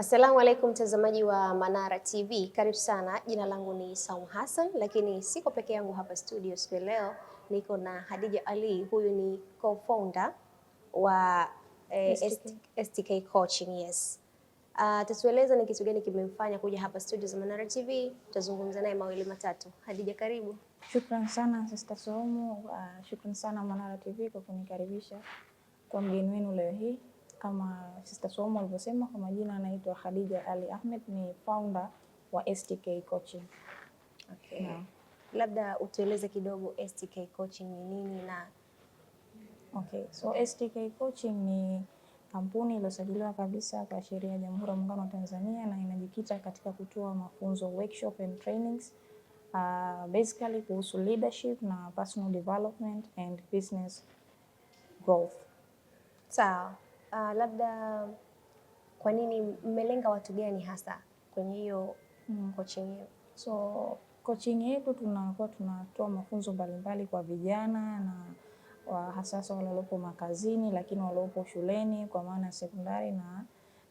Assalamu alaikum mtazamaji wa Manara TV, karibu sana. Jina langu ni Saum Hassan, lakini siko peke yangu hapa studio siku ya leo, niko na Hadija Ali. Huyu ni co-founder wa eh, STK. STK Coaching, yes. Uh, tatueleza ni kitu gani kimemfanya kuja hapa studio za Manara TV. Tutazungumza naye mawili matatu. Hadija, karibu. Shukran sana Sister Saumu. Uh, shukran sana Manara TV kwa kunikaribisha kwa mgeni wenu leo hii kama Sister Swaumu alivyosema, kwa majina anaitwa Khadija Ali Ahmed, ni founder wa STK Coaching. Okay. No. Labda utueleze kidogo STK Coaching ni nini na Okay, so STK Coaching ni kampuni iliyosajiliwa kabisa kwa sheria ya Jamhuri ya Muungano wa Tanzania na inajikita katika kutoa mafunzo workshop and trainings uh, basically kuhusu leadership na personal development and business growth. Sawa uh, labda kwa nini mmelenga watu gani hasa kwenye hiyo mm. coaching So coaching yetu tunakuwa tunatoa mafunzo mbalimbali kwa vijana na hasasa wale waliopo makazini, lakini waliopo shuleni kwa maana ya sekondari na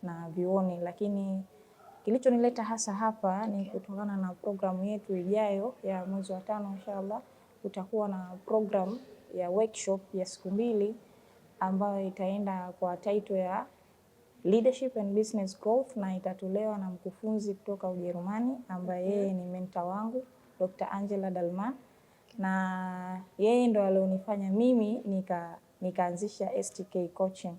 na vioni. lakini kilichonileta hasa hapa ni kutokana na programu yetu ijayo ya mwezi wa tano, inshallah, kutakuwa na programu ya workshop ya siku mbili ambayo itaenda kwa title ya Leadership and Business Growth na itatolewa na mkufunzi kutoka Ujerumani ambaye mhm. yeye ni mentor wangu Dr. Angela Dalman, na yeye ndo alionifanya mimi nika nikaanzisha STK Coaching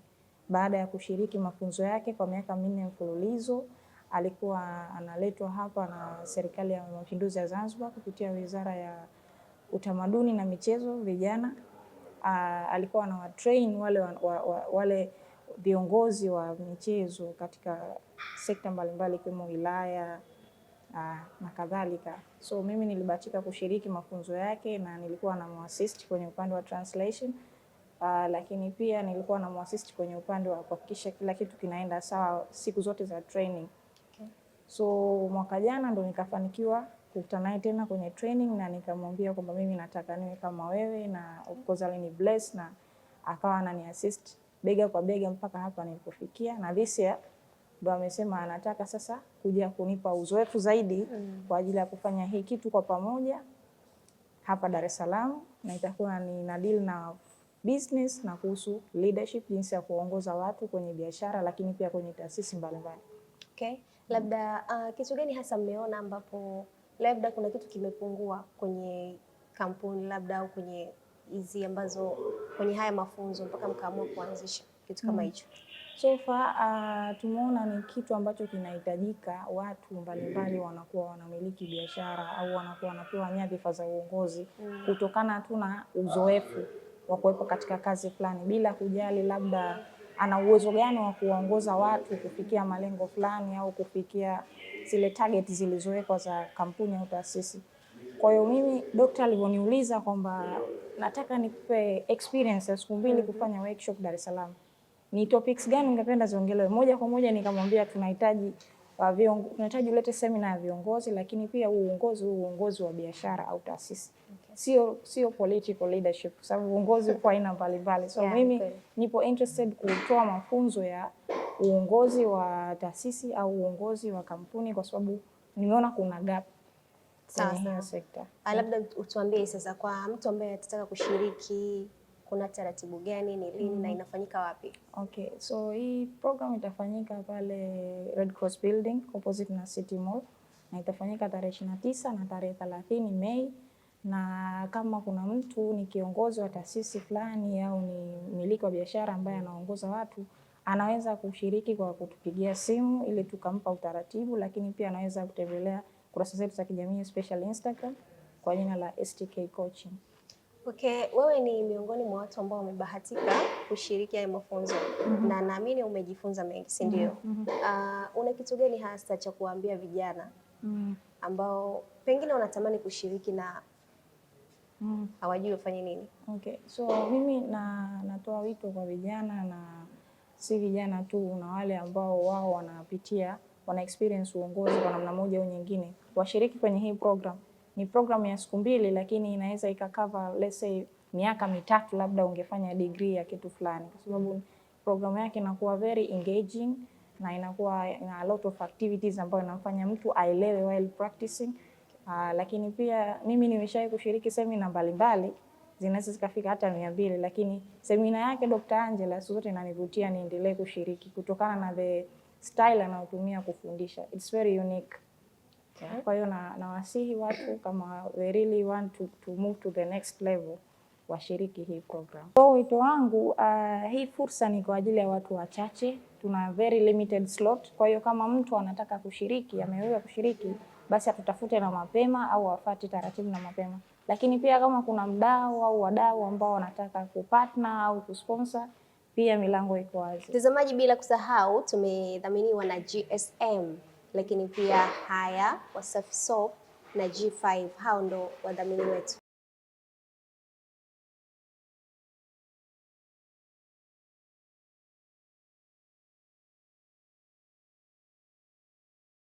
baada ya kushiriki mafunzo yake kwa miaka minne mfululizo. Alikuwa analetwa hapa na Serikali ya Mapinduzi ya Zanzibar kupitia Wizara ya Utamaduni na Michezo, vijana uh, alikuwa train wale, wa, wa, wa, wale viongozi wa michezo katika sekta mbalimbali ikiwemo wilaya uh, na kadhalika. So mimi nilibahatika kushiriki mafunzo yake na nilikuwa namuasisti kwenye upande wa translation uh, lakini pia nilikuwa namuasisti kwenye upande wa kuhakikisha kila kitu kinaenda sawa siku zote za training. Okay. So mwaka jana ndo nikafanikiwa Kukutana naye tena kwenye training na nikamwambia kwamba mimi nataka niwe kama wewe, na of course alini bless na akawa anani assist bega kwa bega mpaka hapa nilipofikia, na this year ndo amesema anataka sasa kuja kunipa uzoefu zaidi mm. kwa ajili ya kufanya hii kitu kwa pamoja hapa Dar es Salaam, na itakuwa ni na deal na business na kuhusu leadership, jinsi ya kuongoza watu kwenye biashara, lakini pia kwenye taasisi mbalimbali. Okay, labda uh, kitu gani hasa mmeona ambapo labda kuna kitu kimepungua kwenye kampuni labda au kwenye hizi ambazo kwenye haya mafunzo mpaka mkaamua kuanzisha kitu kama mm. hicho? So far uh, tumeona ni kitu ambacho kinahitajika. Watu mbalimbali wanakuwa wanamiliki biashara au wanakuwa wanapewa nyadhifa za uongozi mm. kutokana tu na uzoefu wa kuwepo katika kazi fulani, bila kujali labda ana uwezo gani wa kuwaongoza watu kufikia malengo fulani au kufikia zile target zilizowekwa za kampuni au taasisi. Kwa hiyo mimi dokta alivyoniuliza kwamba nataka nikupe experience ya siku mbili mm-hmm. kufanya workshop Dar es Salaam, ni topics gani ungependa ziongelewe? Moja kwa moja nikamwambia tunahitaji uh, tunahitaji ulete semina ya viongozi, lakini pia uongozi huu uongozi wa biashara au taasisi Sio, sio political leadership kwa sababu uongozi uko aina mbalimbali, so yeah, mimi nipo interested kutoa mafunzo ya uongozi wa taasisi au uongozi wa kampuni, kwa sababu nimeona kuna gap sana sekta. Ah, labda utuambie sasa, kwa mtu ambaye atataka kushiriki, kuna taratibu gani, ni lini mm, na mhm. inafanyika wapi? Okay, so hii program itafanyika pale Red Cross Building opposite na City Mall na itafanyika tarehe ishirini na tisa na tarehe thelathini Mei na kama kuna mtu ni kiongozi wa taasisi fulani au ni mmiliki wa biashara ambaye anaongoza watu Anaweza kushiriki kwa kutupigia simu ili tukampa utaratibu, lakini pia anaweza kutembelea kurasa zetu za kijamii special Instagram kwa jina la STK Coaching. Okay, wewe ni miongoni mwa watu ambao wamebahatika kushiriki haya mafunzo mm -hmm. na naamini umejifunza mengi, si mhm, ndio? mm -hmm. Uh, una kitu gani hasa cha kuambia vijana mm -hmm. ambao pengine wanatamani kushiriki na mm -hmm. wafanye nini? Okay. So mimi na natoa wito kwa vijana na si vijana tu, na wale ambao wao wanapitia wana experience uongozi kwa namna moja au nyingine, washiriki kwenye hii program. Ni program ya siku mbili, lakini inaweza ikakava let's say miaka mitatu, labda ungefanya degree ya kitu fulani, kwa sababu programu yake inakuwa very engaging na inakuwa na a lot of activities ambayo inamfanya mtu aelewe while practicing. Uh, lakini pia mimi nimeshawahi kushiriki semina mbalimbali zinaweza zikafika hata mia mbili, lakini semina yake Dr. Angela zote inanivutia niendelee kushiriki kutokana na the style anayotumia kufundisha. It's very unique. Kwa hiyo na watu kama they really want to, to move to the next level washiriki hii program. So wito wangu uh, hii fursa ni kwa ajili ya watu wachache, tuna very limited slot. Kwa hiyo kama mtu anataka kushiriki, ameweza kushiriki, basi atutafute na mapema au afate taratibu na mapema. Lakini pia kama kuna mdau au wadau ambao wanataka kupartner au kusponsor pia milango iko wazi. Mtazamaji, bila kusahau tumedhaminiwa na GSM, lakini pia haya Wasafi Soap na G5, hao ndo wadhamini wetu.